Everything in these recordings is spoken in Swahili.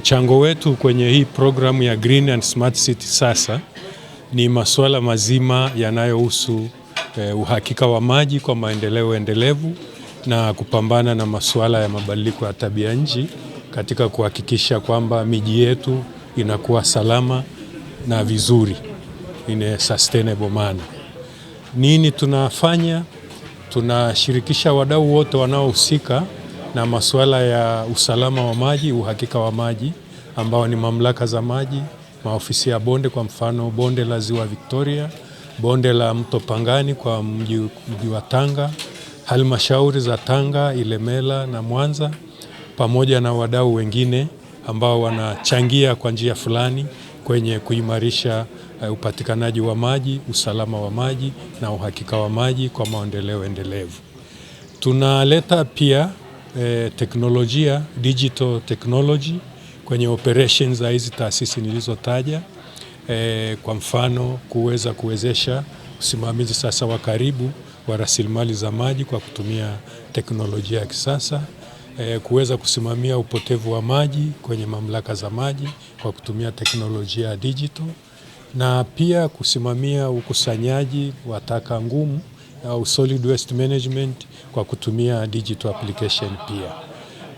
Mchango wetu kwenye hii programu ya Green and Smart City sasa ni masuala mazima yanayohusu eh, uhakika wa maji kwa maendeleo endelevu na kupambana na masuala ya mabadiliko ya tabia nchi katika kuhakikisha kwamba miji yetu inakuwa salama na vizuri in sustainable manner. Nini tunafanya? Tunashirikisha wadau wote wanaohusika na masuala ya usalama wa maji, uhakika wa maji ambao ni mamlaka za maji, maofisi ya bonde, kwa mfano bonde la Ziwa Victoria, bonde la Mto Pangani kwa mji, mji wa Tanga, halmashauri za Tanga, Ilemela na Mwanza, pamoja na wadau wengine ambao wanachangia kwa njia fulani kwenye kuimarisha uh, upatikanaji wa maji, usalama wa maji na uhakika wa maji kwa maendeleo endelevu. Tunaleta pia eh, teknolojia digital technology kwenye operations za hizi taasisi nilizotaja, eh, kwa mfano kuweza kuwezesha usimamizi sasa wa karibu wa rasilimali za maji kwa kutumia teknolojia ya kisasa eh, kuweza kusimamia upotevu wa maji kwenye mamlaka za maji kwa kutumia teknolojia ya digital na pia kusimamia ukusanyaji wa taka ngumu au solid waste management kwa kutumia digital application. Pia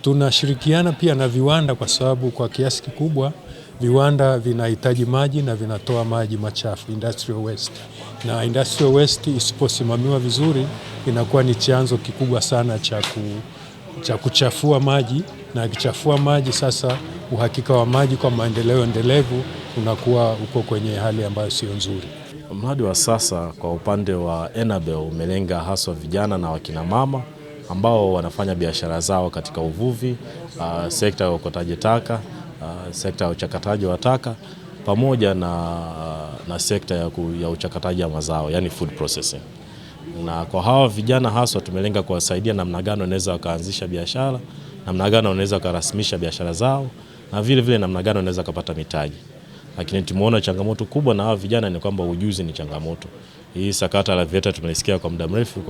tunashirikiana pia na viwanda, kwa sababu kwa kiasi kikubwa viwanda vinahitaji maji na vinatoa maji machafu industrial waste, na industrial waste isiposimamiwa vizuri inakuwa ni chanzo kikubwa sana cha cha kuchafua maji, na akichafua maji sasa uhakika wa maji kwa maendeleo endelevu unakuwa uko kwenye hali ambayo sio nzuri. Mradi wa sasa kwa upande wa Enabel umelenga haswa vijana na wakinamama ambao wanafanya biashara zao katika uvuvi, uh, sekta ya ukotaji taka, uh, sekta ya uchakataji wa taka pamoja na, uh, na sekta ya, ku, ya uchakataji wa mazao yani food processing. Na kwa hawa vijana haswa tumelenga kuwasaidia namna gani wanaweza wakaanzisha biashara, namna gani wanaweza wakarasimisha biashara zao na vile vile namna gani wanaweza kupata mitaji. Lakini tumeona changamoto kubwa na hawa vijana ni kwamba ujuzi ni changamoto. Hii sakata la VETA tumelisikia kwa muda mrefu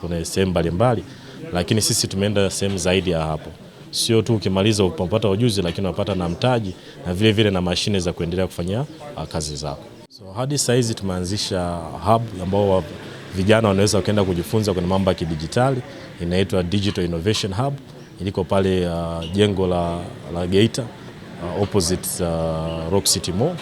kuna sehemu mbalimbali, lakini sisi tumeenda sehemu zaidi ya hapo. Sio tu ukimaliza upata ujuzi, lakini unapata na mtaji na vile vile na mashine za kuendelea kufanya ah, kazi zako. So hadi sasa hizi tumeanzisha hub ambao vijana wanaweza kwenda kujifunza kwenye mambo ya kidijitali, inaitwa Digital Innovation Hub, iliko pale uh, jengo la, la Geita uh, opposite uh, Rock City Mall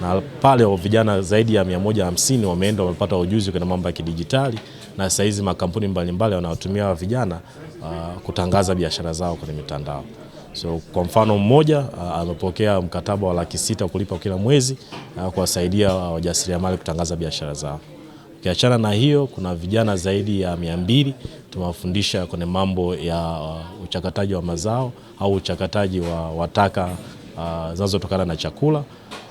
na pale vijana zaidi ya 150 wameenda wamepata ujuzi kwenye mambo ya kidijitali, na sasa hizi makampuni mbalimbali wanawatumia wa vijana uh, kutangaza biashara zao kwenye mitandao. So kwa mfano mmoja uh, amepokea mkataba wa laki sita kulipa kila mwezi uh, kuwasaidia wajasiriamali kutangaza biashara zao. Ukiachana na hiyo, kuna vijana zaidi ya 200 tumewafundisha kwenye mambo ya uh, uchakataji wa mazao au uchakataji wa, wataka uh, zinazotokana na chakula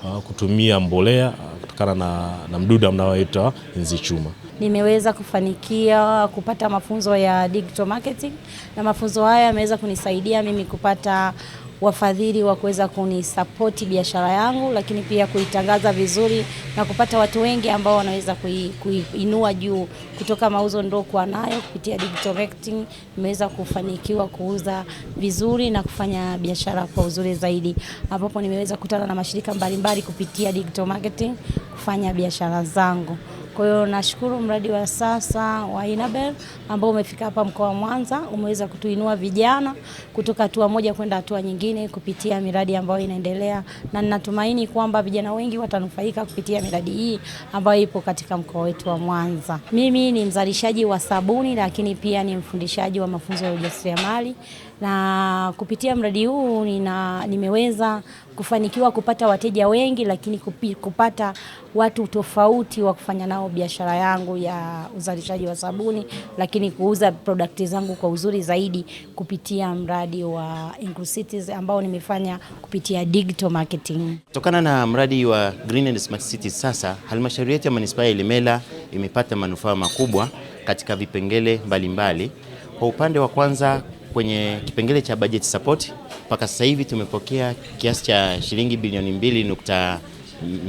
uh, kutumia mbolea uh, kutokana na, na mduda mnaoitwa nzi chuma. Nimeweza kufanikia kupata mafunzo ya digital marketing na mafunzo haya yameweza kunisaidia mimi kupata wafadhili wa kuweza kunisapoti biashara yangu, lakini pia kuitangaza vizuri na kupata watu wengi ambao wanaweza kuinua kui, juu kutoka mauzo ndokuwa nayo kupitia digital marketing. Nimeweza kufanikiwa kuuza vizuri na kufanya biashara kwa uzuri zaidi, ambapo nimeweza kukutana na mashirika mbalimbali kupitia digital marketing kufanya biashara zangu. Kwa hiyo nashukuru mradi wa sasa wa Inabel ambao umefika hapa mkoa wa Mwanza, umeweza kutuinua vijana kutoka hatua moja kwenda hatua nyingine kupitia miradi ambayo inaendelea, na ninatumaini kwamba vijana wengi watanufaika kupitia miradi hii ambayo ipo katika mkoa wetu wa Mwanza. Mimi ni mzalishaji wa sabuni, lakini pia ni mfundishaji wa mafunzo ya ujasiriamali, na kupitia mradi huu nina, nimeweza kufanikiwa kupata wateja wengi, lakini kupi, kupata watu tofauti wa kufanya nao biashara yangu ya uzalishaji wa sabuni, lakini kuuza produkti zangu kwa uzuri zaidi kupitia mradi wa Inclusities ambao nimefanya kupitia digital marketing. Kutokana na mradi wa Green and Smart Cities, sasa halmashauri yetu ya manispaa ya Ilemela imepata manufaa makubwa katika vipengele mbalimbali. Kwa upande wa kwanza kwenye kipengele cha budget support mpaka sasa hivi tumepokea kiasi cha shilingi bilioni mbili nukta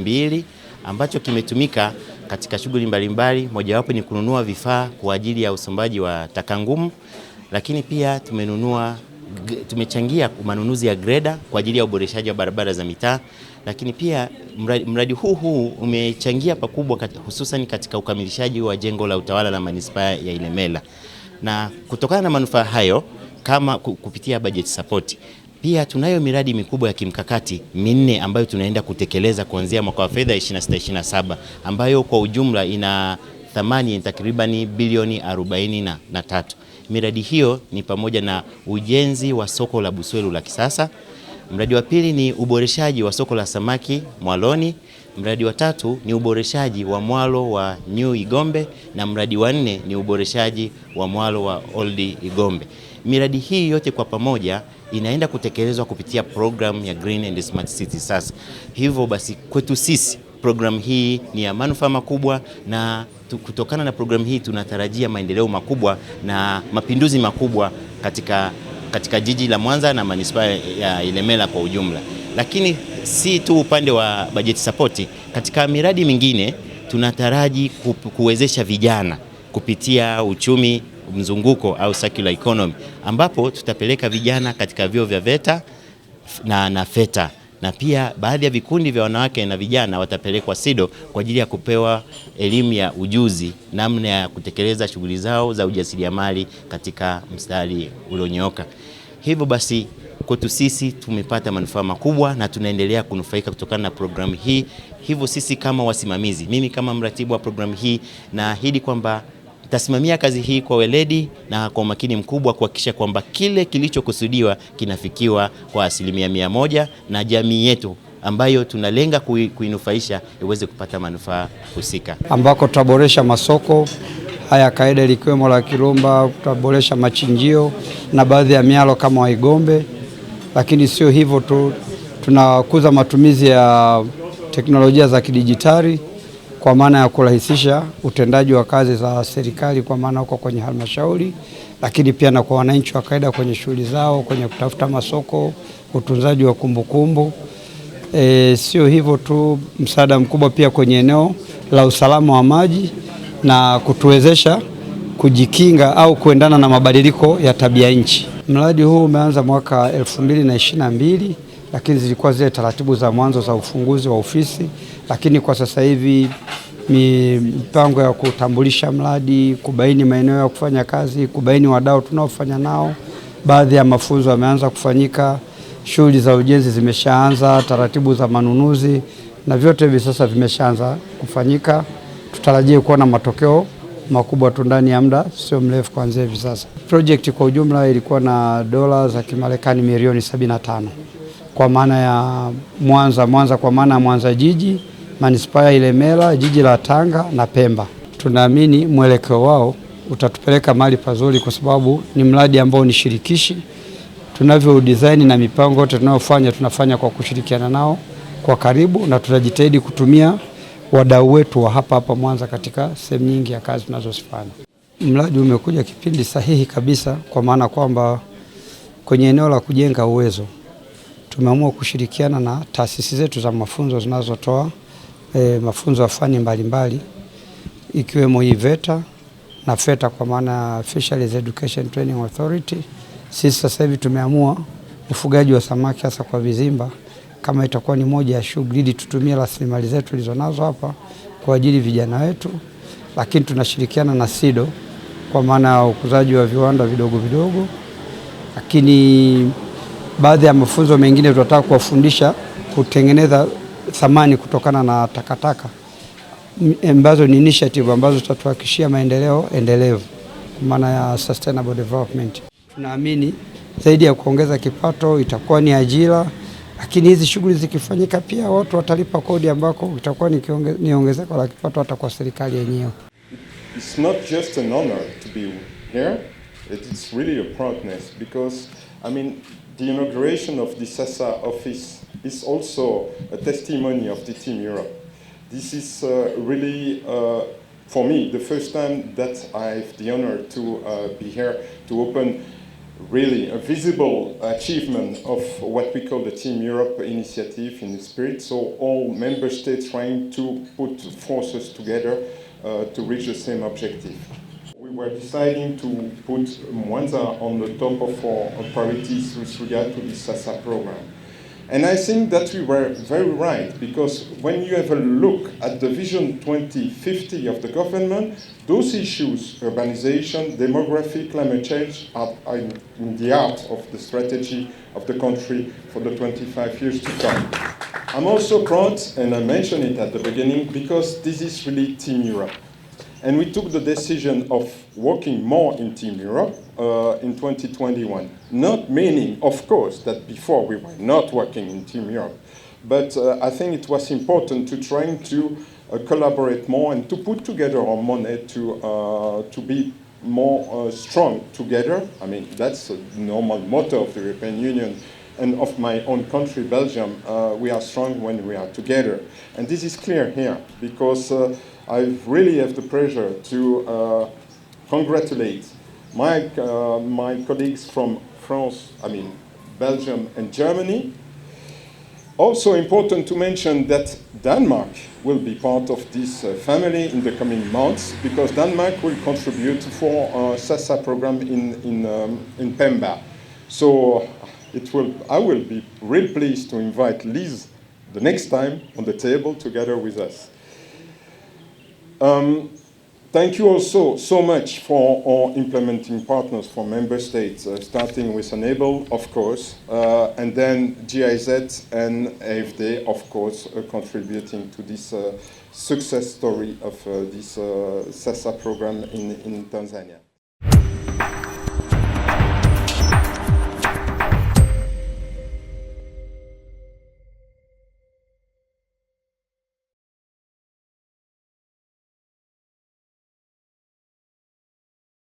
mbili ambacho kimetumika katika shughuli mbalimbali, mojawapo ni kununua vifaa kwa ajili ya usombaji wa taka ngumu, lakini pia tumenunua tumechangia manunuzi ya greda kwa ajili ya uboreshaji wa barabara za mitaa, lakini pia mradi, huu huu umechangia pakubwa kat, hususan katika ukamilishaji wa jengo la utawala la manispaa ya Ilemela na kutokana na manufaa hayo kama kupitia budget support. Pia tunayo miradi mikubwa ya kimkakati minne ambayo tunaenda kutekeleza kuanzia mwaka wa fedha 26/27 ambayo kwa ujumla ina thamani takribani bilioni 43. Miradi hiyo ni pamoja na ujenzi wa soko la Buswelu la kisasa. Mradi wa pili ni uboreshaji wa soko la samaki Mwaloni. Mradi wa tatu ni uboreshaji wa mwalo wa New Igombe na mradi wa nne ni uboreshaji wa mwalo wa Old Igombe. Miradi hii yote kwa pamoja inaenda kutekelezwa kupitia programu ya Green and Smart City sasa. Hivyo basi kwetu sisi programu hii ni ya manufaa makubwa, na kutokana na programu hii tunatarajia maendeleo makubwa na mapinduzi makubwa katika, katika jiji la Mwanza na manispaa ya Ilemela kwa ujumla. Lakini si tu upande wa budget support. katika miradi mingine tunataraji kuwezesha vijana kupitia uchumi mzunguko au circular economy, ambapo tutapeleka vijana katika vyuo vya VETA na, na FETA na pia baadhi ya vikundi vya wanawake na vijana watapelekwa SIDO kwa ajili ya kupewa elimu ya ujuzi, namna ya kutekeleza shughuli zao za ujasiriamali katika mstari ulionyooka. Hivyo basi kwetu sisi tumepata manufaa makubwa na tunaendelea kunufaika kutokana na programu hii. Hivyo sisi kama wasimamizi, mimi kama mratibu wa programu hii naahidi kwamba tasimamia kazi hii kwa weledi na kwa umakini mkubwa kuhakikisha kwamba kile kilichokusudiwa kinafikiwa kwa asilimia mia moja na jamii yetu ambayo tunalenga kuinufaisha iweze kupata manufaa husika, ambako tutaboresha masoko haya kaida likiwemo la Kirumba, tutaboresha machinjio na baadhi ya mialo kama Waigombe. Lakini sio hivyo tu, tunakuza matumizi ya teknolojia za kidijitali kwa maana ya kurahisisha utendaji wa kazi za serikali kwa maana huko kwenye halmashauri, lakini pia na kwa wananchi wa kawaida kwenye shughuli zao, kwenye kutafuta masoko, utunzaji wa kumbukumbu. E, sio hivyo tu, msaada mkubwa pia kwenye eneo la usalama wa maji na kutuwezesha kujikinga au kuendana na mabadiliko ya tabia nchi. Mradi huu umeanza mwaka 2022 lakini zilikuwa zile taratibu za mwanzo za ufunguzi wa ofisi lakini kwa sasa hivi mipango ya kutambulisha mradi, kubaini maeneo ya kufanya kazi, kubaini wadau tunaofanya nao. Baadhi ya mafunzo yameanza kufanyika, shughuli za ujenzi zimeshaanza, taratibu za manunuzi na vyote hivi sasa vimeshaanza kufanyika. Tutarajie kuona matokeo makubwa tu ndani ya muda sio mrefu kuanzia hivi sasa. Project kwa ujumla ilikuwa na dola za Kimarekani milioni 75 kwa maana ya Mwanza, Mwanza kwa maana ya Mwanza jiji manispaa ya Ilemela, jiji la Tanga na Pemba. Tunaamini mwelekeo wao utatupeleka mahali pazuri, kwa sababu ni mradi ambao ni shirikishi. Tunavyo design na mipango yote tunayofanya tunafanya kwa kushirikiana nao kwa karibu, na tutajitahidi kutumia wadau wetu wa hapa hapa Mwanza katika sehemu nyingi ya kazi tunazozifanya. Mradi umekuja kipindi sahihi kabisa, kwa maana kwamba kwenye eneo la kujenga uwezo tumeamua kushirikiana na taasisi zetu za mafunzo zinazotoa e, mafunzo ya fani mbalimbali ikiwemo hii VETA na FETA kwa maana Fisheries Education Training Authority. Sisi sasa hivi tumeamua ufugaji wa samaki hasa kwa vizimba kama itakuwa ni moja ya shughuli, ili tutumie rasilimali zetu tulizonazo hapa kwa ajili vijana wetu, lakini tunashirikiana na SIDO kwa maana ya ukuzaji wa viwanda vidogo vidogo, lakini baadhi ya mafunzo mengine tunataka kuwafundisha kutengeneza thamani kutokana na takataka ambazo ni initiative ambazo tutatuhakishia maendeleo endelevu kwa maana ya sustainable development. Tunaamini zaidi ya kuongeza kipato itakuwa ni ajira, lakini hizi shughuli zikifanyika pia watu watalipa kodi, ambako itakuwa ni ongezeko la kipato hata kwa serikali yenyewe. It's not just an honor to be here, is really a proudness because I mean the inauguration of the Sasa office is also a testimony of the Team Europe. This is uh, really, uh, for me, the first time that I have the honor to uh, be here to open really a visible achievement of what we call the Team Europe initiative in the spirit. So all member states trying to put forces together uh, to reach the same objective we were deciding to put Mwanza on the top of our priorities with regard to the SASA program. And I think that we were very right, because when you have a look at the Vision 2050 of the government, those issues, urbanization, demography, climate change, are, in the heart of the strategy of the country for the 25 years to come. I'm also proud, and I mentioned it at the beginning, because this is really Team Europe. And we took the decision of working more in Team Europe uh, in 2021. Not meaning, of course, that before we were not working in Team Europe, but uh, I think it was important to trying to uh, collaborate more and to put together our money to, uh, to be more uh, strong together. I mean, that's a normal motto of the European Union and of my own country, Belgium. Uh, we are strong when we are together. And this is clear here because I really have the pleasure to uh, congratulate my, uh, my colleagues from France, I mean, Belgium and Germany. Also important to mention that Denmark will be part of this uh, family in the coming months because Denmark will contribute for uh, a SASA program in, in, um, in Pemba. So it will, I will be real pleased to invite Liz the next time on the table together with us. Um, thank you also so much for our implementing partners from member states, uh, starting with Enable, of course, uh, and then GIZ and AFD, of course, uh, contributing to this uh, success story of uh, this uh, Sasa program in, in Tanzania.